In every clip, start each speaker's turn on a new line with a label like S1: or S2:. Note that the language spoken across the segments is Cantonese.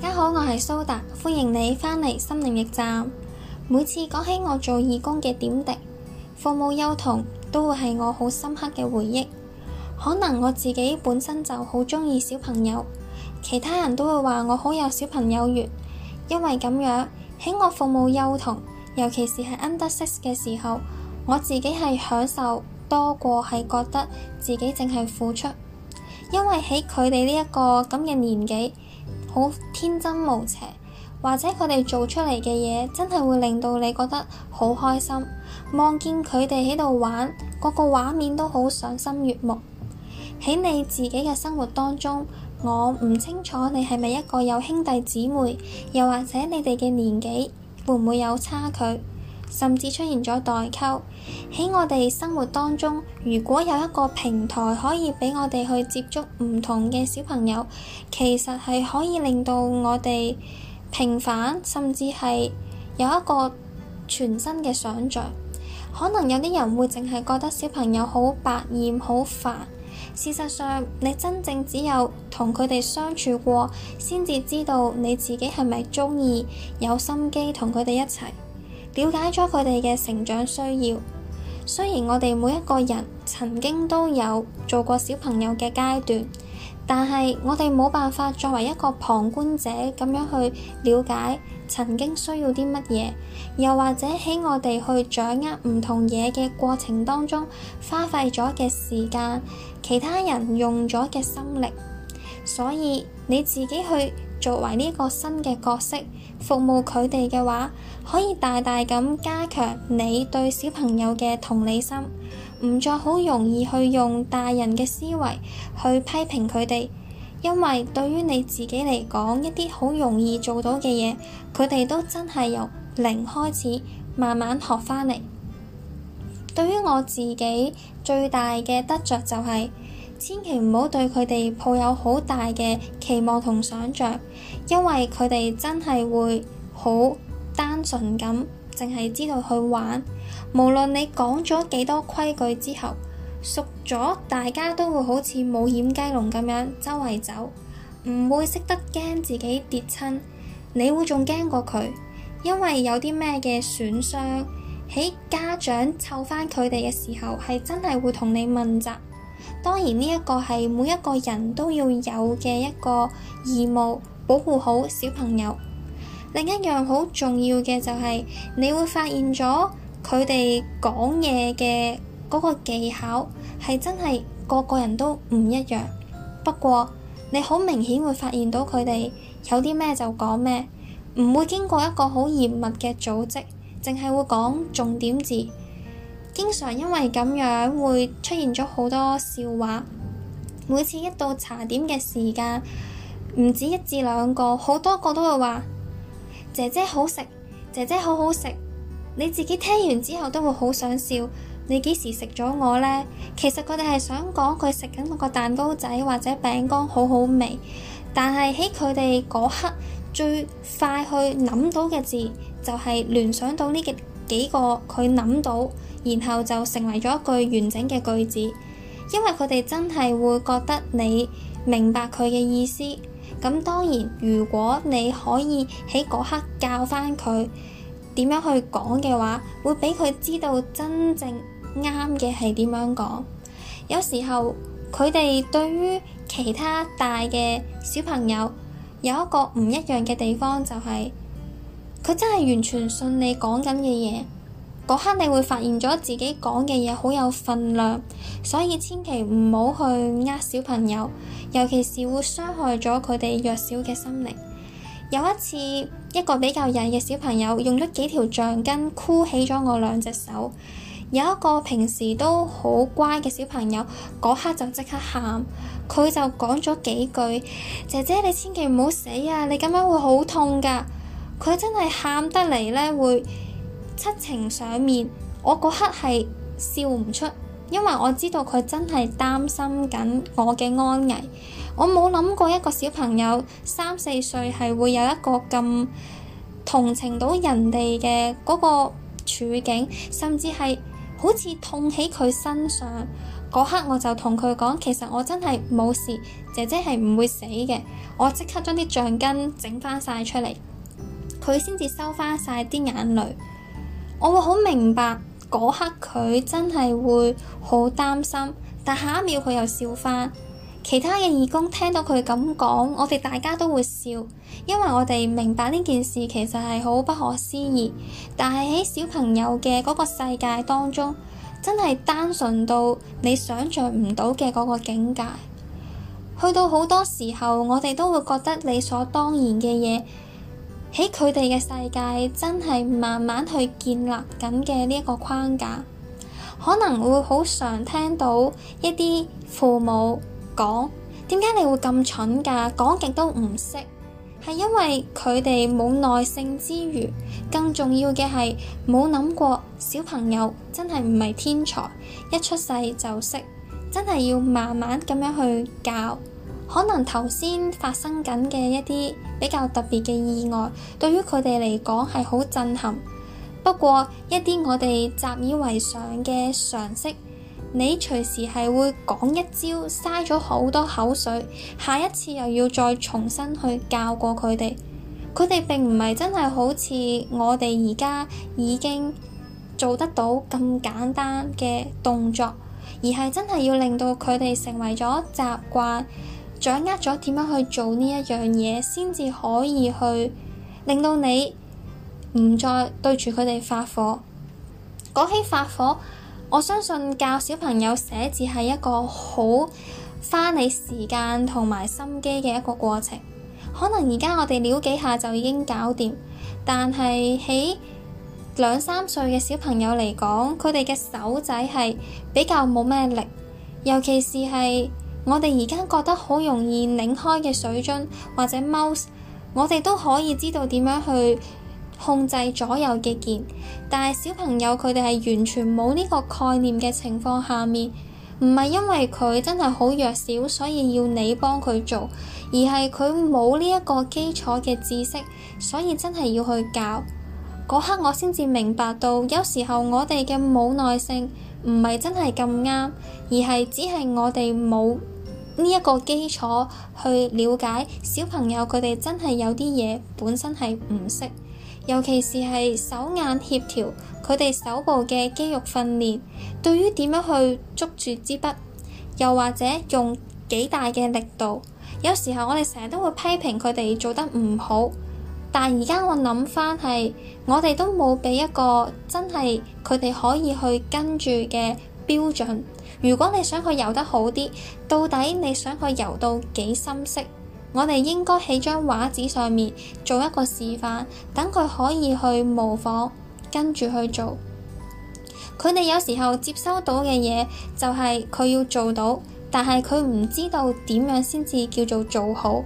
S1: 大家好，我係蘇達，歡迎你返嚟心靈驛站。每次講起我做義工嘅點滴，服務幼童都會係我好深刻嘅回憶。可能我自己本身就好鍾意小朋友，其他人都會話我好有小朋友緣。因為咁樣喺我服務幼童，尤其是係 under six 嘅時候，我自己係享受多過係覺得自己淨係付出，因為喺佢哋呢一個咁嘅年紀。好天真無邪，或者佢哋做出嚟嘅嘢真係會令到你覺得好開心。望見佢哋喺度玩，個個畫面都好賞心悅目。喺你自己嘅生活當中，我唔清楚你係咪一個有兄弟姊妹，又或者你哋嘅年紀會唔會有差距？甚至出現咗代溝喺我哋生活當中。如果有一個平台可以畀我哋去接觸唔同嘅小朋友，其實係可以令到我哋平凡，甚至係有一個全新嘅想像。可能有啲人會淨係覺得小朋友好百厭，好煩。事實上，你真正只有同佢哋相處過，先至知道你自己係咪鍾意有心機同佢哋一齊。了解咗佢哋嘅成長需要，雖然我哋每一個人曾經都有做過小朋友嘅階段，但係我哋冇辦法作為一個旁觀者咁樣去了解曾經需要啲乜嘢，又或者喺我哋去掌握唔同嘢嘅過程當中，花費咗嘅時間，其他人用咗嘅心力，所以你自己去，作為呢個新嘅角色服務佢哋嘅話，可以大大咁加強你對小朋友嘅同理心，唔再好容易去用大人嘅思維去批評佢哋，因為對於你自己嚟講，一啲好容易做到嘅嘢，佢哋都真係由零開始慢慢學返嚟。對於我自己最大嘅得着就係、是。千祈唔好對佢哋抱有好大嘅期望同想像，因為佢哋真係會好單純咁，淨係知道去玩。無論你講咗幾多規矩之後，熟咗大家都會好似冇掩雞籠咁樣周圍走，唔會識得驚自己跌親。你會仲驚過佢，因為有啲咩嘅損傷喺家長湊返佢哋嘅時候，係真係會同你問責。當然，呢一個係每一個人都要有嘅一個義務，保護好小朋友。另一樣好重要嘅就係，你會發現咗佢哋講嘢嘅嗰個技巧係真係個個人都唔一樣。不過你好明顯會發現到佢哋有啲咩就講咩，唔會經過一個好嚴密嘅組織，淨係會講重點字。經常因為咁樣會出現咗好多笑話。每次一到茶點嘅時間，唔止一至兩個，好多個都會話姐姐好食，姐姐好好食。你自己聽完之後都會好想笑。你幾時食咗我呢？其實佢哋係想講佢食緊個蛋糕仔或者餅乾好好味，但係喺佢哋嗰刻最快去諗到嘅字就係聯想到呢個。就是幾個佢諗到，然後就成為咗一句完整嘅句子，因為佢哋真係會覺得你明白佢嘅意思。咁當然，如果你可以喺嗰刻教返佢點樣去講嘅話，會俾佢知道真正啱嘅係點樣講。有時候佢哋對於其他大嘅小朋友有一個唔一樣嘅地方，就係，就係。佢真係完全信你講緊嘅嘢，嗰刻你會發現咗自己講嘅嘢好有分量，所以千祈唔好去呃小朋友，尤其是會傷害咗佢哋弱小嘅心靈。有一次，一個比較曳嘅小朋友用咗幾條橡筋箍起咗我兩隻手，有一個平時都好乖嘅小朋友嗰刻就即刻喊，佢就講咗幾句：姐姐你千祈唔好死啊，你咁樣會好痛㗎！佢真係喊得嚟呢，會七情上面。我嗰刻係笑唔出，因為我知道佢真係擔心緊我嘅安危。我冇諗過一個小朋友三四歲係會有一個咁同情到人哋嘅嗰個處境，甚至係好似痛喺佢身上嗰刻，我就同佢講：其實我真係冇事，姐姐係唔會死嘅。我即刻將啲橡筋整翻晒出嚟。佢先至收翻晒啲眼淚，我會好明白嗰刻佢真係會好擔心，但下一秒佢又笑返，其他嘅義工聽到佢咁講，我哋大家都會笑，因為我哋明白呢件事其實係好不可思議，但係喺小朋友嘅嗰個世界當中，真係單純到你想象唔到嘅嗰個境界。去到好多時候，我哋都會覺得理所當然嘅嘢。喺佢哋嘅世界，真係慢慢去建立緊嘅呢一個框架，可能會好常聽到一啲父母講：「點解你會咁蠢㗎？講極都唔識！」，係因為佢哋冇耐性之餘，更重要嘅係冇諗過小朋友真係唔係天才，一出世就識，真係要慢慢咁樣去教。可能頭先發生緊嘅一啲。比較特別嘅意外，對於佢哋嚟講係好震撼。不過一啲我哋習以為常嘅常識，你隨時係會講一招，嘥咗好多口水，下一次又要再重新去教過佢哋。佢哋並唔係真係好似我哋而家已經做得到咁簡單嘅動作，而係真係要令到佢哋成為咗習慣。掌握咗點樣去做呢一樣嘢，先至可以去令到你唔再對住佢哋發火。講起發火，我相信教小朋友寫字係一個好花你時間同埋心機嘅一個過程。可能而家我哋潦幾下就已經搞掂，但係喺兩三歲嘅小朋友嚟講，佢哋嘅手仔係比較冇咩力，尤其是係。我哋而家覺得好容易擰開嘅水樽或者 mouse，我哋都可以知道點樣去控制左右嘅鍵。但係小朋友佢哋係完全冇呢個概念嘅情況下面，唔係因為佢真係好弱小，所以要你幫佢做，而係佢冇呢一個基礎嘅知識，所以真係要去教。嗰刻我先至明白到，有時候我哋嘅冇耐性，唔係真係咁啱，而係只係我哋冇，呢一個基礎去了解小朋友，佢哋真係有啲嘢本身係唔識，尤其是係手眼協調，佢哋手部嘅肌肉訓練，對於點樣去捉住支筆，又或者用幾大嘅力度，有時候我哋成日都會批評佢哋做得唔好，但而家我諗返係，我哋都冇俾一個真係佢哋可以去跟住嘅標準。如果你想佢游得好啲，到底你想佢游到幾深色？我哋應該喺張畫紙上面做一個示範，等佢可以去模仿跟住去做。佢哋有時候接收到嘅嘢就係、是、佢要做到，但係佢唔知道點樣先至叫做做好。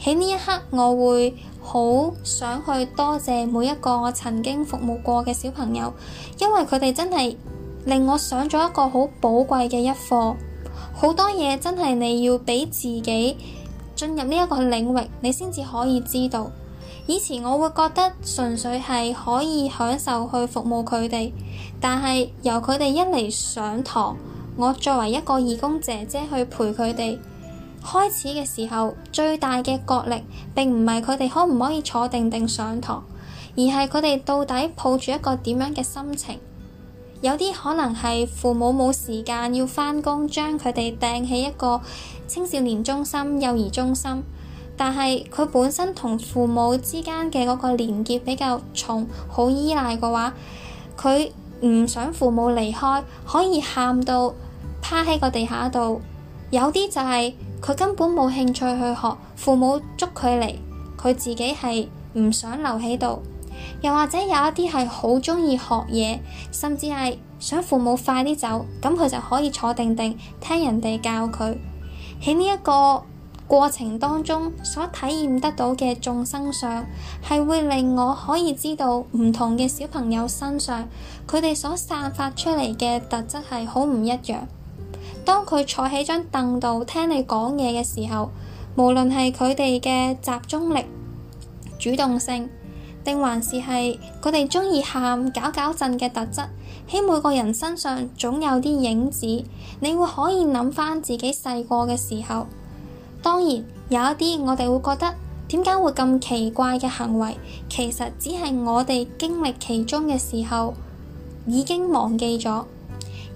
S1: 喺呢一刻，我會好想去多謝每一個我曾經服務過嘅小朋友，因為佢哋真係。令我想咗一個好寶貴嘅一課，好多嘢真係你要畀自己進入呢一個領域，你先至可以知道。以前我會覺得純粹係可以享受去服務佢哋，但係由佢哋一嚟上堂，我作為一個義工姐姐去陪佢哋，開始嘅時候最大嘅角力，並唔係佢哋可唔可以坐定定上堂，而係佢哋到底抱住一個點樣嘅心情。有啲可能係父母冇時間要返工，將佢哋掟喺一個青少年中心、幼兒中心。但係佢本身同父母之間嘅嗰個連結比較重，好依賴嘅話，佢唔想父母離開，可以喊到趴喺個地下度。有啲就係佢根本冇興趣去學，父母捉佢嚟，佢自己係唔想留喺度。又或者有一啲係好鍾意學嘢，甚至係想父母快啲走，咁佢就可以坐定定聽人哋教佢。喺呢一個過程當中所體驗得到嘅眾生相，係會令我可以知道唔同嘅小朋友身上佢哋所散發出嚟嘅特質係好唔一樣。當佢坐喺張凳度聽你講嘢嘅時候，無論係佢哋嘅集中力、主動性，定還是係佢哋中意喊搞搞震嘅特質，喺每個人身上總有啲影子。你會可以諗翻自己細個嘅時候，當然有一啲我哋會覺得點解會咁奇怪嘅行為，其實只係我哋經歷其中嘅時候已經忘記咗。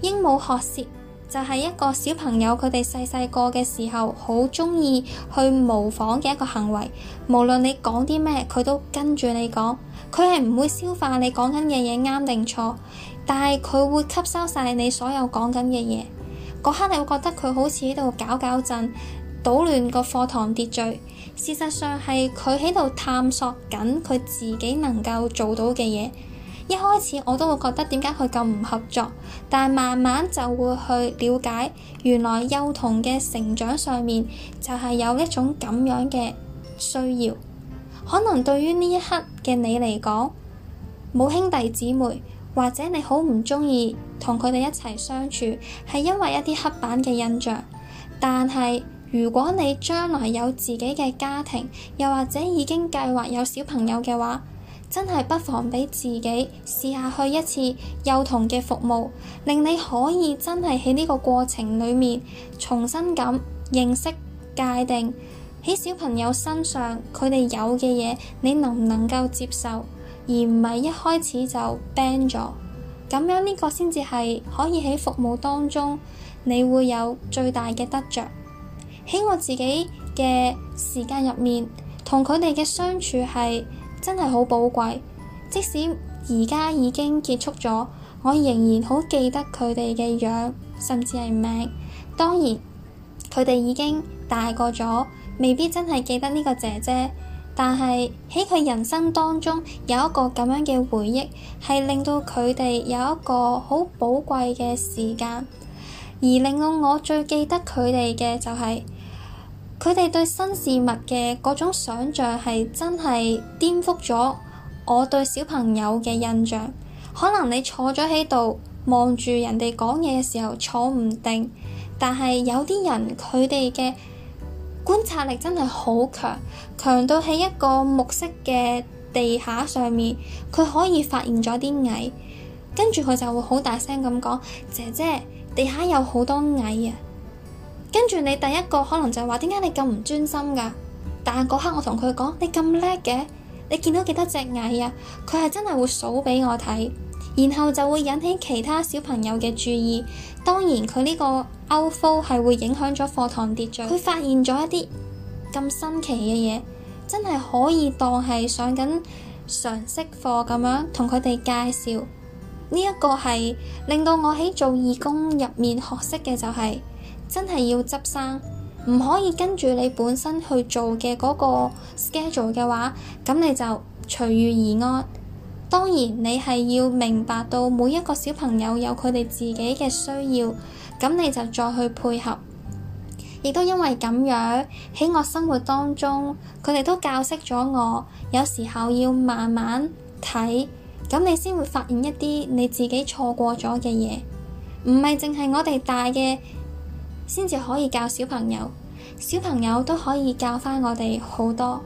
S1: 鸚鵡學舌。就係一個小朋友，佢哋細細個嘅時候，好鍾意去模仿嘅一個行為。無論你講啲咩，佢都跟住你講。佢係唔會消化你講緊嘅嘢啱定錯，但係佢會吸收晒你所有講緊嘅嘢。嗰刻你會覺得佢好似喺度搞搞震，搗亂個課堂秩序。事實上係佢喺度探索緊佢自己能夠做到嘅嘢。一開始我都會覺得點解佢咁唔合作，但係慢慢就會去了解，原來幼童嘅成長上面就係有一種咁樣嘅需要。可能對於呢一刻嘅你嚟講，冇兄弟姊妹，或者你好唔鍾意同佢哋一齊相處，係因為一啲刻板嘅印象。但係如果你將來有自己嘅家庭，又或者已經計劃有小朋友嘅話，真係不妨俾自己試下去一次幼童嘅服務，令你可以真係喺呢個過程裡面重新咁認識界定，喺小朋友身上，佢哋有嘅嘢，你能唔能夠接受，而唔係一開始就 ban 咗。咁樣呢個先至係可以喺服務當中，你會有最大嘅得着。喺我自己嘅時間入面，同佢哋嘅相處係，真係好寶貴，即使而家已經結束咗，我仍然好記得佢哋嘅樣，甚至係名。當然，佢哋已經大個咗，未必真係記得呢個姐姐。但係喺佢人生當中有一個咁樣嘅回憶，係令到佢哋有一個好寶貴嘅時間。而令到我最記得佢哋嘅就係，是。佢哋對新事物嘅嗰種想像係真係顛覆咗我對小朋友嘅印象。可能你坐咗喺度望住人哋講嘢嘅時候，坐唔定，但係有啲人佢哋嘅觀察力真係好強，強到喺一個木色嘅地下上面，佢可以發現咗啲蟻，跟住佢就會好大聲咁講：姐姐，地下有好多蟻呀！跟住你第一個可能就係話點解你咁唔專心㗎？但嗰刻我同佢講，你咁叻嘅，你見到幾多隻蟻啊？佢係真係會數俾我睇，然後就會引起其他小朋友嘅注意。當然佢呢個 outfall 係會影響咗課堂秩序。佢發現咗一啲咁新奇嘅嘢，真係可以當係上緊常識課咁樣同佢哋介紹。呢、這、一個係令到我喺做義工入面學識嘅就係、是。真係要執生，唔可以跟住你本身去做嘅嗰個 schedule 嘅話，咁你就隨遇而安。當然你係要明白到每一個小朋友有佢哋自己嘅需要，咁你就再去配合。亦都因為咁樣喺我生活當中，佢哋都教識咗我，有時候要慢慢睇，咁你先會發現一啲你自己錯過咗嘅嘢，唔係淨係我哋大嘅。先至可以教小朋友，小朋友都可以教翻我哋好多。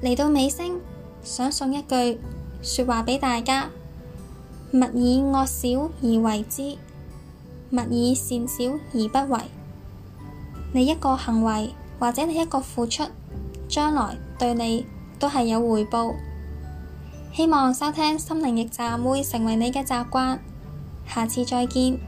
S1: 嚟到尾聲，想送一句說話畀大家：勿以惡小而為之，勿以善小而不為。你一個行為或者你一個付出，將來對你都係有回報。希望收聽心靈驛站會成為你嘅習慣。下次再見。